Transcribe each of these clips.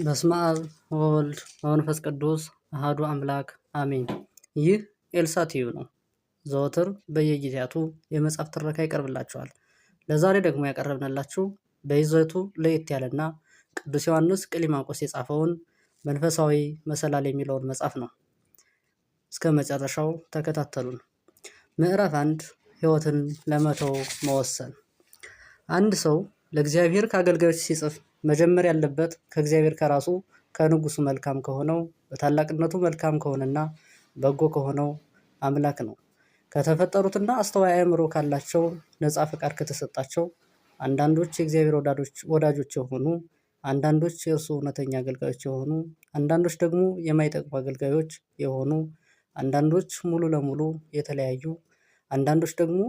በስመ አብ ወወልድ ወመንፈስ ቅዱስ አህዱ አምላክ አሜን። ይህ ኤልሳቲዩ ነው። ዘወትር በየጊዜያቱ የመጽሐፍ ትረካ ይቀርብላችኋል። ለዛሬ ደግሞ ያቀረብንላችሁ በይዘቱ ለየት ያለና ቅዱስ ዮሐንስ ቅሊማንቆስ የጻፈውን መንፈሳዊ መሰላል የሚለውን መጽሐፍ ነው። እስከ መጨረሻው ተከታተሉን። ምዕራፍ አንድ ሕይወትን ለመተው መወሰን። አንድ ሰው ለእግዚአብሔር ከአገልጋዮች ሲጽፍ መጀመር ያለበት ከእግዚአብሔር ከራሱ ከንጉሱ መልካም ከሆነው በታላቅነቱ መልካም ከሆነና በጎ ከሆነው አምላክ ነው። ከተፈጠሩትና አስተዋይ አእምሮ ካላቸው ነፃ ፈቃድ ከተሰጣቸው አንዳንዶች የእግዚአብሔር ወዳጆች የሆኑ አንዳንዶች የእርሱ እውነተኛ አገልጋዮች የሆኑ አንዳንዶች ደግሞ የማይጠቅሙ አገልጋዮች የሆኑ አንዳንዶች ሙሉ ለሙሉ የተለያዩ አንዳንዶች ደግሞ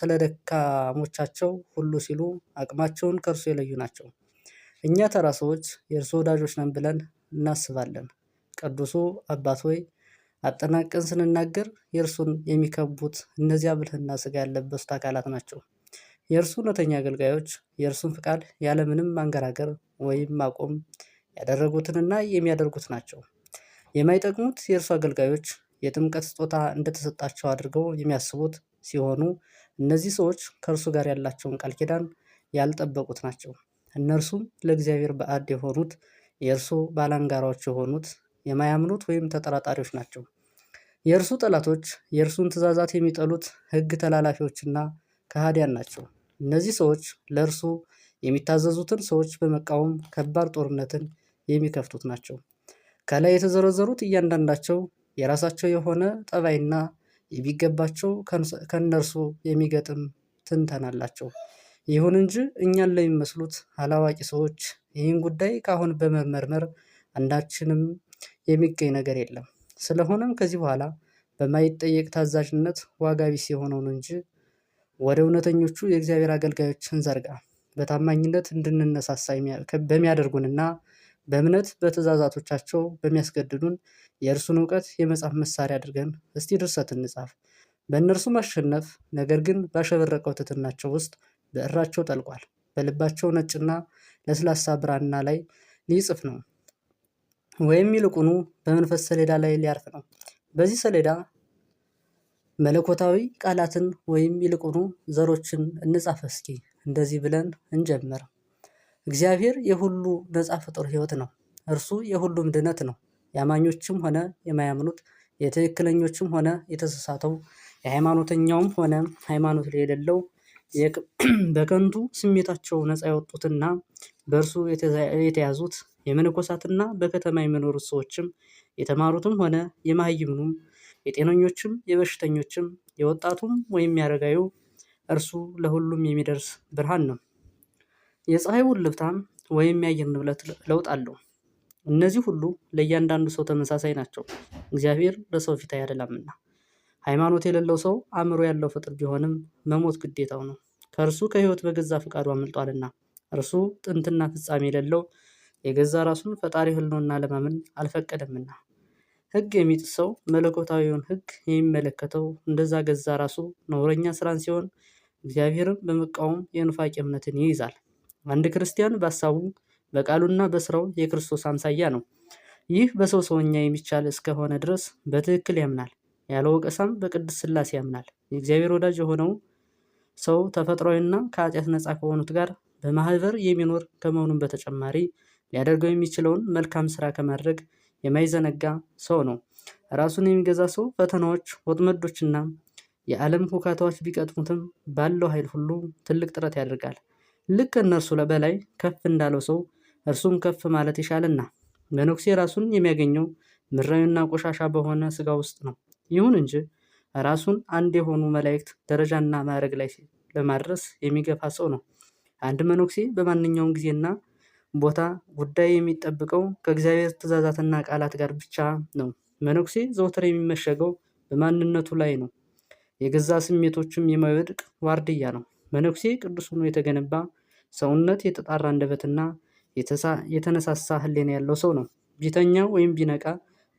ስለ ደካሞቻቸው ሁሉ ሲሉ አቅማቸውን ከእርሱ የለዩ ናቸው። እኛ ተራ ሰዎች የእርሱ ወዳጆች ነን ብለን እናስባለን። ቅዱሱ አባት ሆይ አጠናቅን ስንናገር የእርሱን የሚከቡት እነዚያ ብልህና ስጋ ያለበሱት አካላት ናቸው። የእርሱ እውነተኛ አገልጋዮች የእርሱን ፍቃድ ያለምንም ማንገራገር ወይም ማቆም ያደረጉትንና የሚያደርጉት ናቸው። የማይጠቅሙት የእርሱ አገልጋዮች የጥምቀት ስጦታ እንደተሰጣቸው አድርገው የሚያስቡት ሲሆኑ እነዚህ ሰዎች ከእርሱ ጋር ያላቸውን ቃል ኪዳን ያልጠበቁት ናቸው። እነርሱም ለእግዚአብሔር ባዕድ የሆኑት የእርሱ ባላንጋራዎች የሆኑት የማያምኑት ወይም ተጠራጣሪዎች ናቸው። የእርሱ ጠላቶች የእርሱን ትእዛዛት የሚጠሉት ሕግ ተላላፊዎችና ከሃዲያን ናቸው። እነዚህ ሰዎች ለእርሱ የሚታዘዙትን ሰዎች በመቃወም ከባድ ጦርነትን የሚከፍቱት ናቸው። ከላይ የተዘረዘሩት እያንዳንዳቸው የራሳቸው የሆነ ጠባይና የሚገባቸው ከእነርሱ የሚገጥም ትንተናላቸው። አላቸው። ይሁን እንጂ እኛን ለሚመስሉት አላዋቂ ሰዎች ይህን ጉዳይ ካሁን በመመርመር አንዳችንም የሚገኝ ነገር የለም። ስለሆነም ከዚህ በኋላ በማይጠየቅ ታዛዥነት ዋጋ ቢስ የሆነውን እንጂ ወደ እውነተኞቹ የእግዚአብሔር አገልጋዮች እንዘርጋ። በታማኝነት እንድንነሳሳ በሚያደርጉንና በእምነት በትእዛዛቶቻቸው በሚያስገድዱን የእርሱን እውቀት የመጽሐፍ መሳሪያ አድርገን እስቲ ድርሰት እንጻፍ። በእነርሱ ማሸነፍ ነገር ግን ባሸበረቀው ትትናቸው ውስጥ በእራቸው ጠልቋል። በልባቸው ነጭና ለስላሳ ብራና ላይ ሊጽፍ ነው ወይም ይልቁኑ በመንፈስ ሰሌዳ ላይ ሊያርፍ ነው። በዚህ ሰሌዳ መለኮታዊ ቃላትን ወይም ይልቁኑ ዘሮችን እንጻፍ። እስኪ እንደዚህ ብለን እንጀምር። እግዚአብሔር የሁሉ ነጻ ፍጡር ህይወት ነው። እርሱ የሁሉም ድነት ነው። የአማኞችም ሆነ የማያምኑት፣ የትክክለኞችም ሆነ የተሳሳተው፣ የሃይማኖተኛውም ሆነ ሃይማኖት የሌለው በከንቱ ስሜታቸው ነፃ ያወጡትና በእርሱ የተያዙት የመነኮሳትና በከተማ የሚኖሩት ሰዎችም የተማሩትም ሆነ የማህይምኑም የጤነኞችም የበሽተኞችም የወጣቱም ወይም ያረጋዩ እርሱ ለሁሉም የሚደርስ ብርሃን ነው። የፀሐይ ውልብታም ወይም የአየር ንብረት ለውጥ አለው። እነዚህ ሁሉ ለእያንዳንዱ ሰው ተመሳሳይ ናቸው፣ እግዚአብሔር በሰው ፊት አያደላምና። ሃይማኖት የሌለው ሰው አእምሮ ያለው ፍጥር ቢሆንም መሞት ግዴታው ነው። ከእርሱ ከህይወት በገዛ ፈቃዱ አምልጧልና እርሱ ጥንትና ፍጻሜ የሌለው የገዛ ራሱን ፈጣሪ ህልኖና ለማመን አልፈቀደምና። ህግ የሚጥስ ሰው መለኮታዊውን ህግ የሚመለከተው እንደዛ ገዛ ራሱ ነውረኛ ስራን ሲሆን እግዚአብሔርን በመቃወም የኑፋቄ እምነትን ይይዛል። አንድ ክርስቲያን በሀሳቡ በቃሉና በስራው የክርስቶስ አምሳያ ነው። ይህ በሰው ሰውኛ የሚቻል እስከሆነ ድረስ በትክክል ያምናል። ያለ ወቀሳም በቅድስት ሥላሴ ያምናል። የእግዚአብሔር ወዳጅ የሆነው ሰው ተፈጥሯዊና ከኃጢአት ነፃ ከሆኑት ጋር በማህበር የሚኖር ከመሆኑም በተጨማሪ ሊያደርገው የሚችለውን መልካም ስራ ከማድረግ የማይዘነጋ ሰው ነው። ራሱን የሚገዛ ሰው ፈተናዎች፣ ወጥመዶችና የዓለም ሁካታዎች ቢቀጥሙትም ባለው ኃይል ሁሉ ትልቅ ጥረት ያደርጋል። ልክ እነርሱ በላይ ከፍ እንዳለው ሰው እርሱም ከፍ ማለት ይሻልና በነኩሴ ራሱን የሚያገኘው ምድራዊና ቆሻሻ በሆነ ስጋ ውስጥ ነው። ይሁን እንጂ ራሱን አንድ የሆኑ መላእክት ደረጃና ማዕረግ ላይ ለማድረስ የሚገፋ ሰው ነው። አንድ መነኩሴ በማንኛውም ጊዜና ቦታ ጉዳይ የሚጠብቀው ከእግዚአብሔር ትእዛዛትና ቃላት ጋር ብቻ ነው። መነኩሴ ዘውትር የሚመሸገው በማንነቱ ላይ ነው። የገዛ ስሜቶችም የማይወድቅ ዋርድያ ነው። መነኩሴ ቅዱስ ሆኖ የተገነባ ሰውነት፣ የተጣራ አንደበትና የተነሳሳ ሕሊና ያለው ሰው ነው። ቢተኛ ወይም ቢነቃ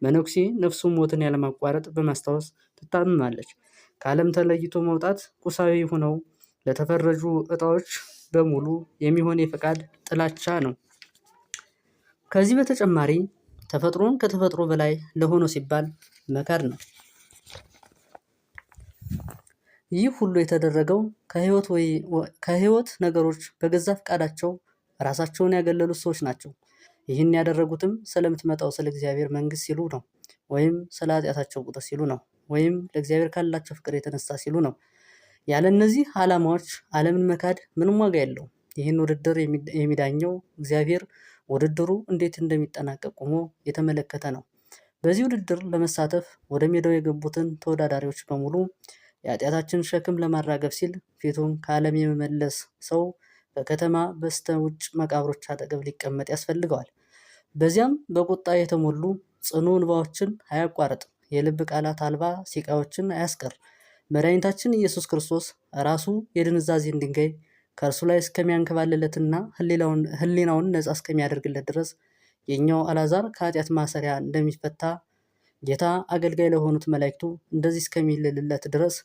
መነኩሴ ነፍሱን ሞትን ያለማቋረጥ በማስታወስ ትታምማለች። ከዓለም ተለይቶ መውጣት ቁሳዊ ሆነው ለተፈረጁ እጣዎች በሙሉ የሚሆን የፈቃድ ጥላቻ ነው። ከዚህ በተጨማሪ ተፈጥሮን ከተፈጥሮ በላይ ለሆኖ ሲባል መካድ ነው። ይህ ሁሉ የተደረገው ከህይወት ነገሮች በገዛ ፈቃዳቸው ራሳቸውን ያገለሉት ሰዎች ናቸው። ይህን ያደረጉትም ስለምትመጣው ስለ እግዚአብሔር መንግስት ሲሉ ነው፣ ወይም ስለ ኃጢአታቸው ቁጥር ሲሉ ነው፣ ወይም ለእግዚአብሔር ካላቸው ፍቅር የተነሳ ሲሉ ነው። ያለ እነዚህ ዓላማዎች ዓለምን መካድ ምንም ዋጋ የለውም። ይህን ውድድር የሚዳኘው እግዚአብሔር ውድድሩ እንዴት እንደሚጠናቀቅ ቆሞ የተመለከተ ነው። በዚህ ውድድር ለመሳተፍ ወደ ሜዳው የገቡትን ተወዳዳሪዎች በሙሉ የኃጢአታችን ሸክም ለማራገፍ ሲል ፊቱን ከዓለም የመመለስ ሰው በከተማ በስተ ውጭ መቃብሮች አጠገብ ሊቀመጥ ያስፈልገዋል። በዚያም በቁጣ የተሞሉ ጽኑ እንባዎችን አያቋርጥ፣ የልብ ቃላት አልባ ሲቃዮችን አያስቀር። መድኃኒታችን ኢየሱስ ክርስቶስ ራሱ የድንዛዜን ድንጋይ ከእርሱ ላይ እስከሚያንከባልለትና ሕሊናውን ነጻ እስከሚያደርግለት ድረስ የእኛው አላዛር ከኃጢአት ማሰሪያ እንደሚፈታ ጌታ አገልጋይ ለሆኑት መላእክቱ እንደዚህ እስከሚልልለት ድረስ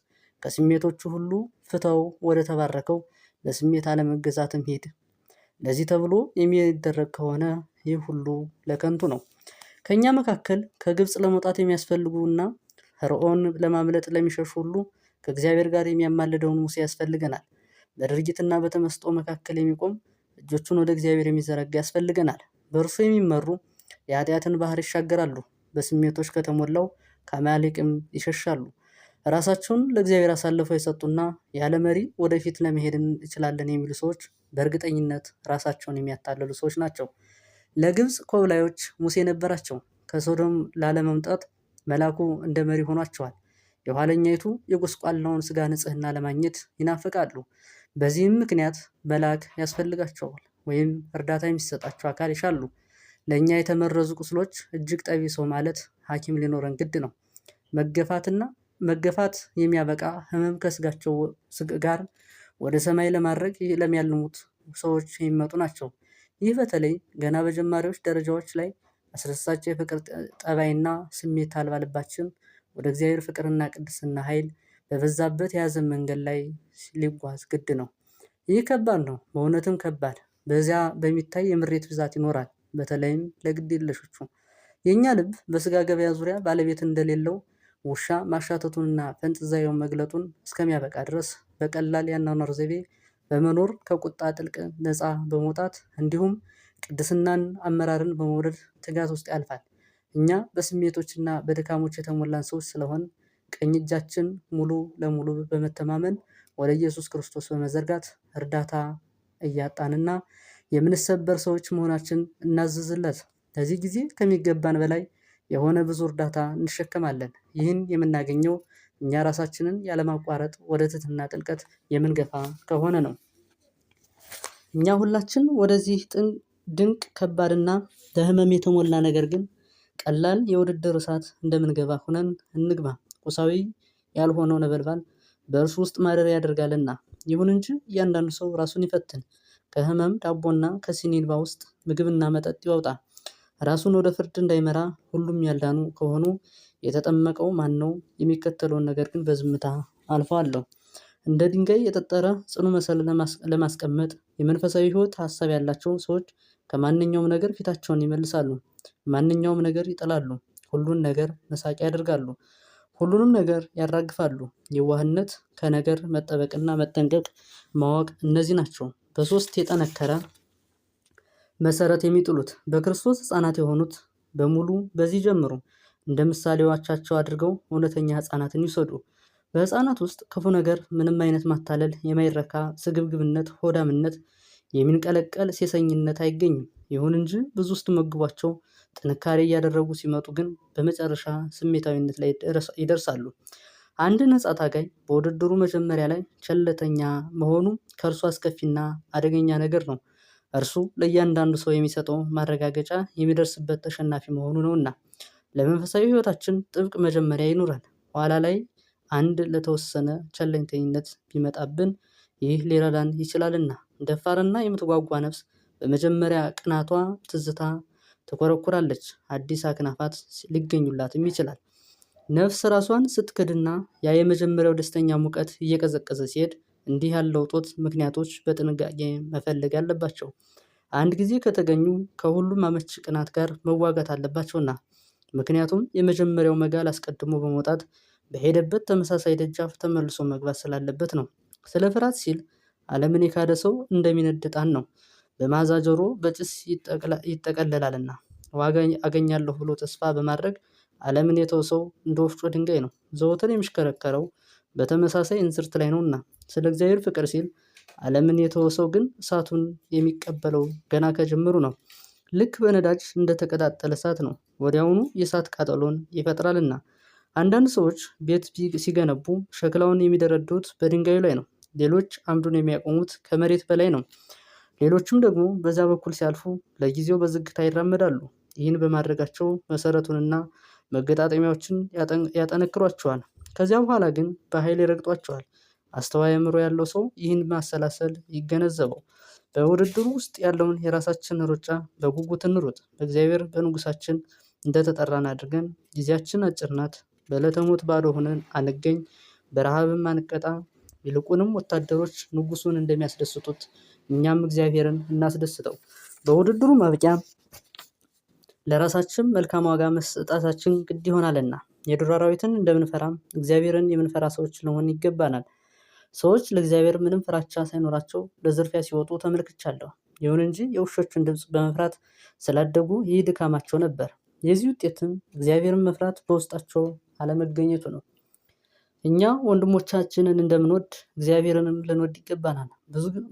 ከስሜቶቹ ሁሉ ፍተው ወደ ተባረከው ለስሜት አለመገዛትም ሄድ። ለዚህ ተብሎ የሚደረግ ከሆነ ይህ ሁሉ ለከንቱ ነው። ከእኛ መካከል ከግብፅ ለመውጣት የሚያስፈልጉና ፈርዖን ለማምለጥ ለሚሸሹ ሁሉ ከእግዚአብሔር ጋር የሚያማልደውን ሙሴ ያስፈልገናል። በድርጊትና በተመስጦ መካከል የሚቆም እጆቹን ወደ እግዚአብሔር የሚዘረጋ ያስፈልገናል። በእርሱ የሚመሩ የኃጢአትን ባህር ይሻገራሉ፣ በስሜቶች ከተሞላው ከአማሌቅም ይሸሻሉ። ራሳቸውን ለእግዚአብሔር አሳልፈው የሰጡና ያለ መሪ ወደፊት ለመሄድ እንችላለን የሚሉ ሰዎች በእርግጠኝነት ራሳቸውን የሚያታልሉ ሰዎች ናቸው። ለግብፅ ኮብላዮች ሙሴ ነበራቸው። ከሶዶም ላለመምጣት መላኩ እንደ መሪ ሆኗቸዋል። የኋለኛይቱ የጎስቋላውን ስጋ ንጽህና ለማግኘት ይናፍቃሉ። በዚህም ምክንያት መላክ ያስፈልጋቸዋል ወይም እርዳታ የሚሰጣቸው አካል ይሻሉ። ለእኛ የተመረዙ ቁስሎች እጅግ ጠቢ ሰው ማለት ሐኪም ሊኖረን ግድ ነው። መገፋትና መገፋት የሚያበቃ ህመም ከስጋቸው ጋር ወደ ሰማይ ለማድረግ ለሚያልሙት ሰዎች የሚመጡ ናቸው። ይህ በተለይ ገና በጀማሪዎች ደረጃዎች ላይ አስደሳች የፍቅር ጠባይና ስሜት አልባ ልባችን ወደ እግዚአብሔር ፍቅርና ቅድስና ኃይል በበዛበት የያዘ መንገድ ላይ ሊጓዝ ግድ ነው። ይህ ከባድ ነው፣ በእውነትም ከባድ። በዚያ በሚታይ የምሬት ብዛት ይኖራል፣ በተለይም ለግድ የለሾቹ። የእኛ ልብ በስጋ ገበያ ዙሪያ ባለቤት እንደሌለው ውሻ ማሻተቱንና ፈንጥዛዩን መግለጡን እስከሚያበቃ ድረስ በቀላል የአኗኗር ዘይቤ በመኖር ከቁጣ ጥልቅ ነፃ በመውጣት እንዲሁም ቅድስናን አመራርን በመውደድ ትጋት ውስጥ ያልፋል። እኛ በስሜቶችና በድካሞች የተሞላን ሰዎች ስለሆን ቀኝ እጃችን ሙሉ ለሙሉ በመተማመን ወደ ኢየሱስ ክርስቶስ በመዘርጋት እርዳታ እያጣንና የምንሰበር ሰዎች መሆናችን እናዝዝለት። ለዚህ ጊዜ ከሚገባን በላይ የሆነ ብዙ እርዳታ እንሸከማለን። ይህን የምናገኘው እኛ ራሳችንን ያለማቋረጥ ወደ ትሕትና ጥልቀት የምንገፋ ከሆነ ነው። እኛ ሁላችን ወደዚህ ድንቅ ከባድና በህመም የተሞላ ነገር ግን ቀላል የውድድር እሳት እንደምንገባ ሆነን እንግባ። ቁሳዊ ያልሆነው ነበልባል በእርሱ ውስጥ ማደሪያ ያደርጋልና። ይሁን እንጂ እያንዳንዱ ሰው ራሱን ይፈትን፣ ከህመም ዳቦና ከሲኒልባ ውስጥ ምግብና መጠጥ ይወጣል። ራሱን ወደ ፍርድ እንዳይመራ ሁሉም ያልዳኑ ከሆኑ የተጠመቀው ማን ነው? የሚከተለውን ነገር ግን በዝምታ አልፈዋለሁ። እንደ ድንጋይ የጠጠረ ጽኑ መሰል ለማስቀመጥ የመንፈሳዊ ሕይወት ሀሳብ ያላቸው ሰዎች ከማንኛውም ነገር ፊታቸውን ይመልሳሉ። ማንኛውም ነገር ይጠላሉ። ሁሉን ነገር መሳቂያ ያደርጋሉ። ሁሉንም ነገር ያራግፋሉ። የዋህነት፣ ከነገር መጠበቅና መጠንቀቅ፣ ማወቅ እነዚህ ናቸው። በሶስት የጠነከረ መሰረት የሚጥሉት በክርስቶስ ህፃናት የሆኑት በሙሉ በዚህ ጀምሩ። እንደ ምሳሌዎቻቸው አድርገው እውነተኛ ህፃናትን ይውሰዱ። በህፃናት ውስጥ ክፉ ነገር፣ ምንም አይነት ማታለል፣ የማይረካ ስግብግብነት፣ ሆዳምነት፣ የሚንቀለቀል ሴሰኝነት አይገኝም። ይሁን እንጂ ብዙ መግቧቸው ጥንካሬ እያደረጉ ሲመጡ ግን በመጨረሻ ስሜታዊነት ላይ ይደርሳሉ። አንድ ነጻ ታጋይ በውድድሩ መጀመሪያ ላይ ቸለተኛ መሆኑ ከእርሱ አስከፊና አደገኛ ነገር ነው። እርሱ ለእያንዳንዱ ሰው የሚሰጠው ማረጋገጫ የሚደርስበት ተሸናፊ መሆኑ ነውና። ለመንፈሳዊ ሕይወታችን ጥብቅ መጀመሪያ ይኑረን። ኋላ ላይ አንድ ለተወሰነ ቸለኝተኝነት ቢመጣብን ይህ ሊረዳን ይችላልና። ደፋርና የምትጓጓ ነፍስ በመጀመሪያ ቅናቷ ትዝታ ትኮረኩራለች፣ አዲስ አክናፋት ሊገኙላትም ይችላል። ነፍስ ራሷን ስትክድና ያ የመጀመሪያው ደስተኛ ሙቀት እየቀዘቀዘ ሲሄድ እንዲህ ያለው ጦት ምክንያቶች በጥንቃቄ መፈለግ አለባቸው። አንድ ጊዜ ከተገኙ ከሁሉም አመች ቅናት ጋር መዋጋት አለባቸውና ምክንያቱም የመጀመሪያው መጋል አስቀድሞ በመውጣት በሄደበት ተመሳሳይ ደጃፍ ተመልሶ መግባት ስላለበት ነው። ስለ ፍርሃት ሲል ዓለምን የካደ ሰው እንደሚነድጣን ነው። በመዓዛ ጆሮ በጭስ ይጠቀለላልና ዋጋ አገኛለሁ ብሎ ተስፋ በማድረግ ዓለምን የተወሰው ሰው እንደ ወፍጮ ድንጋይ ነው። ዘወትር የሚሽከረከረው በተመሳሳይ እንዝርት ላይ ነውና ስለ እግዚአብሔር ፍቅር ሲል ዓለምን የተወሰው ግን እሳቱን የሚቀበለው ገና ከጅምሩ ነው። ልክ በነዳጅ እንደተቀጣጠለ እሳት ነው። ወዲያውኑ የእሳት ቃጠሎን ይፈጥራልና። አንዳንድ ሰዎች ቤት ሲገነቡ ሸክላውን የሚደረድሩት በድንጋዩ ላይ ነው። ሌሎች አምዱን የሚያቆሙት ከመሬት በላይ ነው። ሌሎችም ደግሞ በዚያ በኩል ሲያልፉ ለጊዜው በዝግታ ይራመዳሉ። ይህን በማድረጋቸው መሰረቱንና መገጣጠሚያዎችን ያጠነክሯቸዋል። ከዚያ በኋላ ግን በኃይል ይረግጧቸዋል። አስተዋይ አእምሮ ያለው ሰው ይህን ማሰላሰል ይገነዘበው። በውድድሩ ውስጥ ያለውን የራሳችን ሩጫ በጉጉት እንሩጥ። በእግዚአብሔር በንጉሳችን እንደተጠራን አድርገን ጊዜያችን አጭር ናት። በዕለተ ሞት ባዶ ሆነን አንገኝ፣ በረሃብም አንቀጣ። ይልቁንም ወታደሮች ንጉሱን እንደሚያስደስቱት እኛም እግዚአብሔርን እናስደስተው። በውድድሩ ማብቂያ ለራሳችን መልካም ዋጋ መስጠታችን ግድ ይሆናልና የዱር አራዊትን እንደምንፈራም እግዚአብሔርን የምንፈራ ሰዎች ልንሆን ይገባናል። ሰዎች ለእግዚአብሔር ምንም ፍራቻ ሳይኖራቸው ለዝርፊያ ሲወጡ ተመልክቻለሁ። ይሁን እንጂ የውሾቹን ድምፅ በመፍራት ስላደጉ ይህ ድካማቸው ነበር። የዚህ ውጤትም እግዚአብሔርን መፍራት በውስጣቸው አለመገኘቱ ነው። እኛ ወንድሞቻችንን እንደምንወድ እግዚአብሔርንም ልንወድ ይገባናል።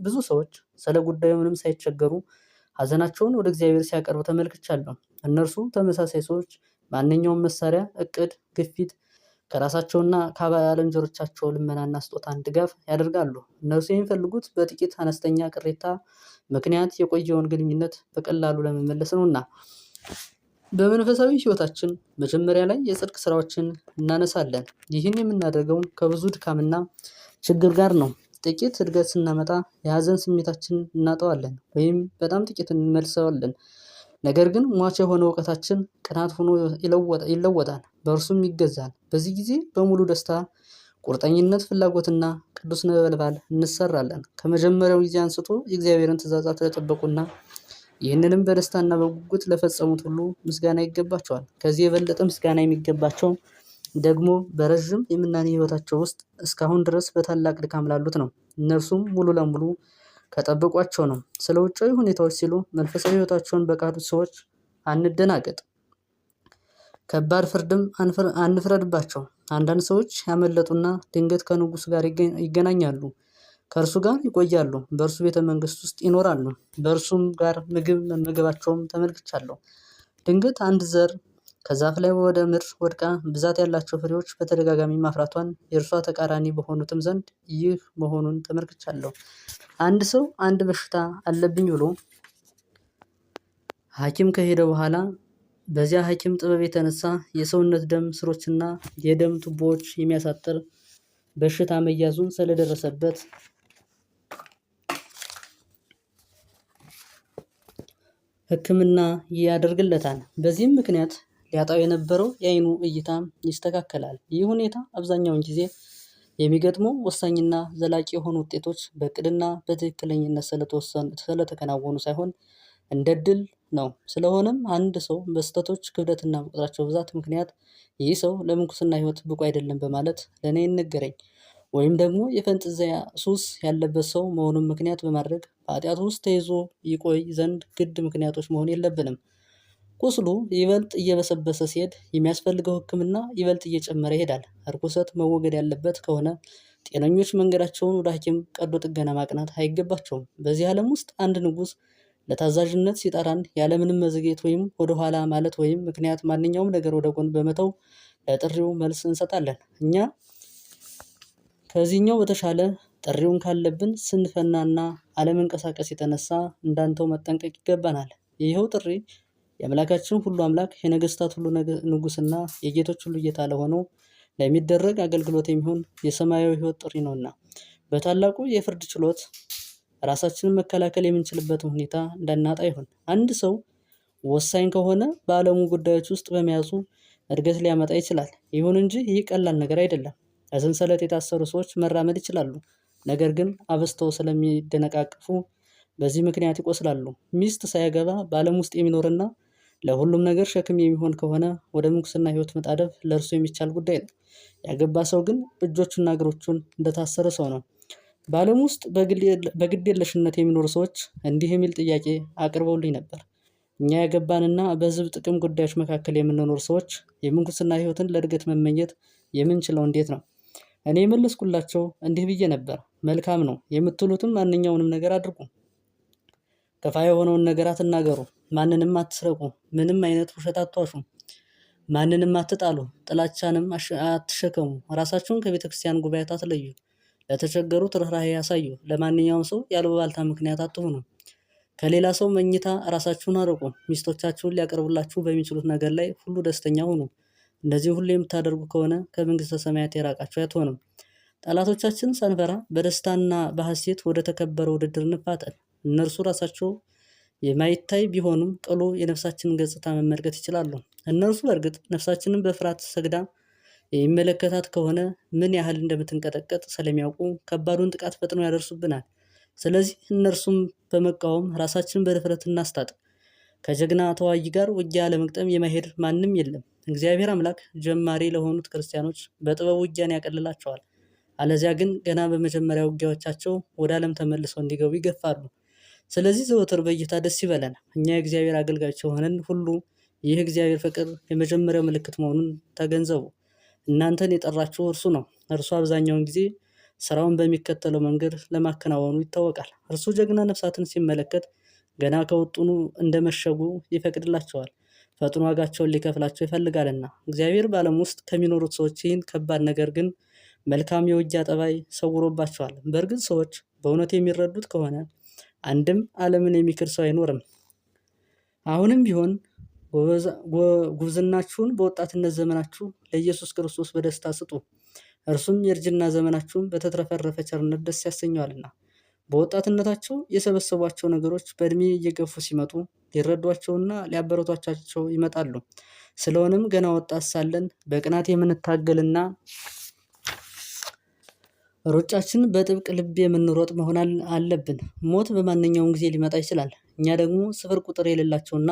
ብዙ ሰዎች ስለ ጉዳዩ ምንም ሳይቸገሩ ሀዘናቸውን ወደ እግዚአብሔር ሲያቀርቡ ተመልክቻለሁ። እነርሱ ተመሳሳይ ሰዎች ማንኛውም መሳሪያ፣ እቅድ፣ ግፊት ከራሳቸውና ከባልንጀሮቻቸው ልመናና ስጦታን ድጋፍ ያደርጋሉ። እነርሱ የሚፈልጉት በጥቂት አነስተኛ ቅሬታ ምክንያት የቆየውን ግንኙነት በቀላሉ ለመመለስ ነውና። በመንፈሳዊ ሕይወታችን መጀመሪያ ላይ የጽድቅ ስራዎችን እናነሳለን። ይህን የምናደርገው ከብዙ ድካምና ችግር ጋር ነው። ጥቂት እድገት ስናመጣ የሀዘን ስሜታችን እናጠዋለን ወይም በጣም ጥቂት እንመልሰዋለን። ነገር ግን ሟች የሆነ እውቀታችን ቅናት ሆኖ ይለወጣል፣ በእርሱም ይገዛል። በዚህ ጊዜ በሙሉ ደስታ፣ ቁርጠኝነት፣ ፍላጎትና ቅዱስ ነበልባል እንሰራለን። ከመጀመሪያው ጊዜ አንስቶ የእግዚአብሔርን ትእዛዛት ለጠበቁና ይህንንም በደስታና በጉጉት ለፈጸሙት ሁሉ ምስጋና ይገባቸዋል። ከዚህ የበለጠ ምስጋና የሚገባቸው ደግሞ በረዥም የምናኔ ህይወታቸው ውስጥ እስካሁን ድረስ በታላቅ ድካም ላሉት ነው። እነርሱም ሙሉ ለሙሉ ከጠበቋቸው ነው። ስለ ውጫዊ ሁኔታዎች ሲሉ መንፈሳዊ ሕይወታቸውን በካዱት ሰዎች አንደናገጥ። ከባድ ፍርድም አንፍረድባቸው። አንዳንድ ሰዎች ያመለጡና ድንገት ከንጉሥ ጋር ይገናኛሉ፣ ከእርሱ ጋር ይቆያሉ፣ በእርሱ ቤተ መንግስት ውስጥ ይኖራሉ፣ በእርሱም ጋር ምግብ መመገባቸውም ተመልክቻለሁ። ድንገት አንድ ዘር ከዛፍ ላይ ወደ ምድር ወድቃ ብዛት ያላቸው ፍሬዎች በተደጋጋሚ ማፍራቷን የእርሷ ተቃራኒ በሆኑትም ዘንድ ይህ መሆኑን ተመልክቻለሁ። አንድ ሰው አንድ በሽታ አለብኝ ብሎ ሐኪም ከሄደ በኋላ በዚያ ሐኪም ጥበብ የተነሳ የሰውነት ደም ስሮችና የደም ቱቦዎች የሚያሳጥር በሽታ መያዙን ስለደረሰበት ሕክምና ያደርግለታል። በዚህም ምክንያት ሊያጣው የነበረው የአይኑ እይታ ይስተካከላል። ይህ ሁኔታ አብዛኛውን ጊዜ የሚገጥመው ወሳኝና ዘላቂ የሆኑ ውጤቶች በእቅድና በትክክለኝነት ስለተከናወኑ ሳይሆን እንደ ድል ነው። ስለሆነም አንድ ሰው በስህተቶች ክብደትና በቁጥራቸው ብዛት ምክንያት ይህ ሰው ለምንኩስና ህይወት ብቁ አይደለም በማለት ለእኔ ይነገረኝ ወይም ደግሞ የፈንጥዚያ ሱስ ያለበት ሰው መሆኑን ምክንያት በማድረግ በኃጢአቱ ውስጥ ተይዞ ይቆይ ዘንድ ግድ ምክንያቶች መሆን የለብንም። ቁስሉ ይበልጥ እየበሰበሰ ሲሄድ የሚያስፈልገው ሕክምና ይበልጥ እየጨመረ ይሄዳል። እርኩሰት መወገድ ያለበት ከሆነ ጤነኞች መንገዳቸውን ወደ ሐኪም ቀዶ ጥገና ማቅናት አይገባቸውም። በዚህ ዓለም ውስጥ አንድ ንጉሥ ለታዛዥነት ሲጠራን ያለምንም መዘግየት ወይም ወደኋላ ማለት ወይም ምክንያት ማንኛውም ነገር ወደ ጎን በመተው ለጥሪው መልስ እንሰጣለን። እኛ ከዚህኛው በተሻለ ጥሪውን ካለብን ስንፈናና አለመንቀሳቀስ የተነሳ እንዳንተው መጠንቀቅ ይገባናል። ይኸው ጥሪ የአምላካችን ሁሉ አምላክ የነገስታት ሁሉ ንጉስና የጌቶች ሁሉ ጌታ ለሆነው ለሚደረግ አገልግሎት የሚሆን የሰማያዊ ህይወት ጥሪ ነውና በታላቁ የፍርድ ችሎት ራሳችንን መከላከል የምንችልበትን ሁኔታ እንዳናጣ ይሆን አንድ ሰው ወሳኝ ከሆነ በዓለሙ ጉዳዮች ውስጥ በመያዙ እድገት ሊያመጣ ይችላል። ይሁን እንጂ ይህ ቀላል ነገር አይደለም። በሰንሰለት የታሰሩ ሰዎች መራመድ ይችላሉ፣ ነገር ግን አበስተው ስለሚደነቃቅፉ በዚህ ምክንያት ይቆስላሉ። ሚስት ሳያገባ በዓለም ውስጥ የሚኖርና ለሁሉም ነገር ሸክም የሚሆን ከሆነ ወደ ምንኩስና ህይወት መጣደፍ ለእርሱ የሚቻል ጉዳይ ነው። ያገባ ሰው ግን እጆቹና እግሮቹን እንደታሰረ ሰው ነው። በዓለም ውስጥ በግዴለሽነት የሚኖሩ ሰዎች እንዲህ የሚል ጥያቄ አቅርበውልኝ ነበር። እኛ ያገባንና በህዝብ ጥቅም ጉዳዮች መካከል የምንኖር ሰዎች የምንኩስና ህይወትን ለእድገት መመኘት የምንችለው እንዴት ነው? እኔ የመለስኩላቸው እንዲህ ብዬ ነበር። መልካም ነው የምትሉትም ማንኛውንም ነገር አድርጉ። ከፋ የሆነውን ነገር አትናገሩ። ማንንም አትስረቁ፣ ምንም አይነት ውሸት አትዋሹ፣ ማንንም አትጣሉ፣ ጥላቻንም አትሸከሙ፣ ራሳችሁን ከቤተ ክርስቲያን ጉባኤት አትለዩ፣ ለተቸገሩ ርኅራኄ ያሳዩ፣ ለማንኛውም ሰው ያለባልታ ምክንያት አትሆኑ ከሌላ ሰው መኝታ ራሳችሁን አርቁ፣ ሚስቶቻችሁን ሊያቀርቡላችሁ በሚችሉት ነገር ላይ ሁሉ ደስተኛ ሁኑ። እንደዚህ ሁሉ የምታደርጉ ከሆነ ከመንግስተ ሰማያት የራቃችሁ አትሆንም። ጠላቶቻችን ሰንፈራ በደስታና በሐሴት ወደ ተከበረ ውድድር እንፋጠን። እነርሱ ራሳቸው የማይታይ ቢሆኑም ጥሎ የነፍሳችንን ገጽታ መመልከት ይችላሉ። እነርሱ በእርግጥ ነፍሳችንን በፍርሃት ሰግዳ የሚመለከታት ከሆነ ምን ያህል እንደምትንቀጠቀጥ ስለሚያውቁ ከባዱን ጥቃት ፈጥኖ ያደርሱብናል። ስለዚህ እነርሱም በመቃወም ራሳችንን በድፍረት እናስታጥቅ። ከጀግና ተዋጊ ጋር ውጊያ ለመግጠም የማሄድ ማንም የለም። እግዚአብሔር አምላክ ጀማሪ ለሆኑት ክርስቲያኖች በጥበብ ውጊያን ያቀልላቸዋል። አለዚያ ግን ገና በመጀመሪያ ውጊያዎቻቸው ወደ ዓለም ተመልሰው እንዲገቡ ይገፋሉ። ስለዚህ ዘወትር በእይታ ደስ ይበለን እኛ የእግዚአብሔር አገልጋዮች ሆነን ሁሉ ይህ እግዚአብሔር ፍቅር የመጀመሪያው ምልክት መሆኑን ተገንዘቡ። እናንተን የጠራችሁ እርሱ ነው። እርሱ አብዛኛውን ጊዜ ስራውን በሚከተለው መንገድ ለማከናወኑ ይታወቃል። እርሱ ጀግና ነፍሳትን ሲመለከት ገና ከውጡኑ እንደመሸጉ ይፈቅድላቸዋል፣ ፈጥኖ ዋጋቸውን ሊከፍላቸው ይፈልጋልና። እግዚአብሔር በዓለም ውስጥ ከሚኖሩት ሰዎች ይህን ከባድ ነገር ግን መልካም የውጊያ ጠባይ ሰውሮባቸዋል። በእርግጥ ሰዎች በእውነት የሚረዱት ከሆነ አንድም ዓለምን የሚክር ሰው አይኖርም። አሁንም ቢሆን ጉብዝናችሁን በወጣትነት ዘመናችሁ ለኢየሱስ ክርስቶስ በደስታ ስጡ። እርሱም የእርጅና ዘመናችሁን በተትረፈረፈ ቸርነት ደስ ያሰኘዋልና። በወጣትነታቸው የሰበሰቧቸው ነገሮች በእድሜ እየገፉ ሲመጡ ሊረዷቸውና ሊያበረቷቻቸው ይመጣሉ። ስለሆነም ገና ወጣት ሳለን በቅናት የምንታገልና ሮጫችን በጥብቅ ልብ የምንሮጥ መሆን አለብን። ሞት በማንኛውም ጊዜ ሊመጣ ይችላል። እኛ ደግሞ ስፍር ቁጥር የሌላቸውና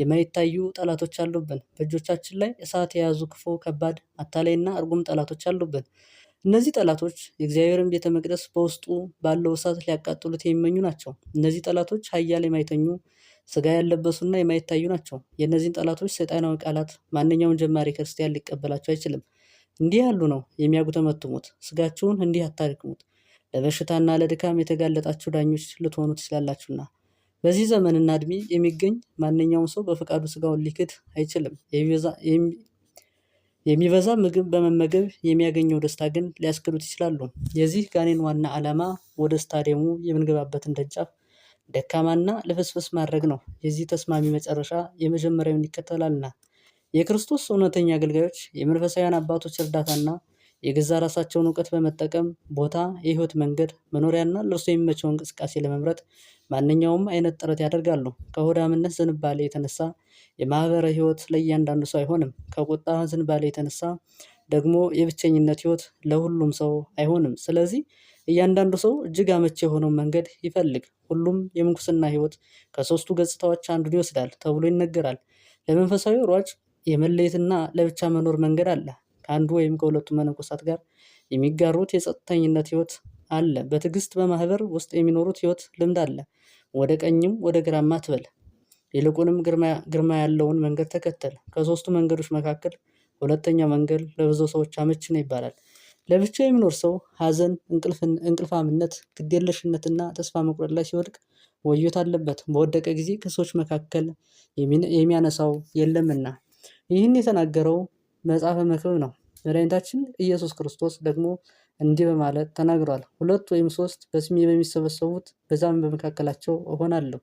የማይታዩ ጠላቶች አሉብን። በእጆቻችን ላይ እሳት የያዙ ክፉ፣ ከባድ፣ አታላይና እርጉም ጠላቶች አሉብን። እነዚህ ጠላቶች የእግዚአብሔርን ቤተ መቅደስ በውስጡ ባለው እሳት ሊያቃጥሉት የሚመኙ ናቸው። እነዚህ ጠላቶች ኃያል፣ የማይተኙ ስጋ ያለበሱና የማይታዩ ናቸው። የእነዚህን ጠላቶች ሰይጣናዊ ቃላት ማንኛውም ጀማሪ ክርስቲያን ሊቀበላቸው አይችልም። እንዲህ ያሉ ነው የሚያጉተመትሙት። ስጋችሁን እንዲህ አታድክሙት፣ ለበሽታና ለድካም የተጋለጣችሁ ዳኞች ልትሆኑ ትችላላችሁና። በዚህ ዘመንና እድሜ የሚገኝ ማንኛውም ሰው በፈቃዱ ስጋውን ሊክድ አይችልም። የሚበዛ ምግብ በመመገብ የሚያገኘው ደስታ ግን ሊያስክዱት ይችላሉ። የዚህ ጋኔን ዋና ዓላማ ወደ ስታዲየሙ የምንገባበትን ደጫፍ ደካማና ልፍስፍስ ማድረግ ነው። የዚህ ተስማሚ መጨረሻ የመጀመሪያውን ይከተላልና የክርስቶስ እውነተኛ አገልጋዮች የመንፈሳውያን አባቶች እርዳታና የገዛ ራሳቸውን እውቀት በመጠቀም ቦታ፣ የህይወት መንገድ፣ መኖሪያና ለእርሶ የሚመቸው እንቅስቃሴ ለመምረጥ ማንኛውም አይነት ጥረት ያደርጋሉ። ከሆዳምነት ዝንባሌ የተነሳ የማህበረ ህይወት ለእያንዳንዱ ሰው አይሆንም። ከቁጣ ዝንባሌ የተነሳ ደግሞ የብቸኝነት ህይወት ለሁሉም ሰው አይሆንም። ስለዚህ እያንዳንዱ ሰው እጅግ አመቺ የሆነውን መንገድ ይፈልግ። ሁሉም የምንኩስና ህይወት ከሶስቱ ገጽታዎች አንዱን ይወስዳል ተብሎ ይነገራል። ለመንፈሳዊ ሯጭ የመለየትና ለብቻ መኖር መንገድ አለ። ከአንዱ ወይም ከሁለቱ መነኮሳት ጋር የሚጋሩት የጸጥተኝነት ህይወት አለ። በትዕግስት በማህበር ውስጥ የሚኖሩት ህይወት ልምድ አለ። ወደ ቀኝም ወደ ግራም አትበል። ይልቁንም ግርማ ያለውን መንገድ ተከተል። ከሶስቱ መንገዶች መካከል ሁለተኛው መንገድ ለብዙ ሰዎች አመች ነው ይባላል። ለብቻ የሚኖር ሰው ሐዘን፣ እንቅልፋምነት፣ ግዴለሽነትና ተስፋ መቁረጥ ላይ ሲወድቅ ወዮት አለበት። በወደቀ ጊዜ ከሰዎች መካከል የሚያነሳው የለምና ይህን የተናገረው መጽሐፈ መክብብ ነው። መድኃኒታችን ኢየሱስ ክርስቶስ ደግሞ እንዲህ በማለት ተናግሯል። ሁለት ወይም ሶስት በስሜ በሚሰበሰቡት በዛም በመካከላቸው እሆናለሁ።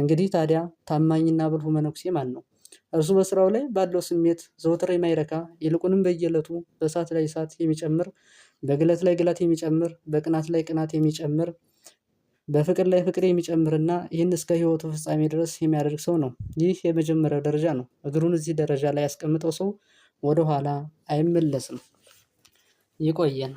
እንግዲህ ታዲያ ታማኝና ብልሁ መነኩሴ ማን ነው? እርሱ በስራው ላይ ባለው ስሜት ዘውትር የማይረካ ይልቁንም በየዕለቱ በእሳት ላይ እሳት የሚጨምር፣ በግለት ላይ ግላት የሚጨምር፣ በቅናት ላይ ቅናት የሚጨምር በፍቅር ላይ ፍቅር የሚጨምርና ይህን እስከ ህይወቱ ፍጻሜ ድረስ የሚያደርግ ሰው ነው። ይህ የመጀመሪያው ደረጃ ነው። እግሩን እዚህ ደረጃ ላይ ያስቀምጠው ሰው ወደኋላ አይመለስም። ይቆየን።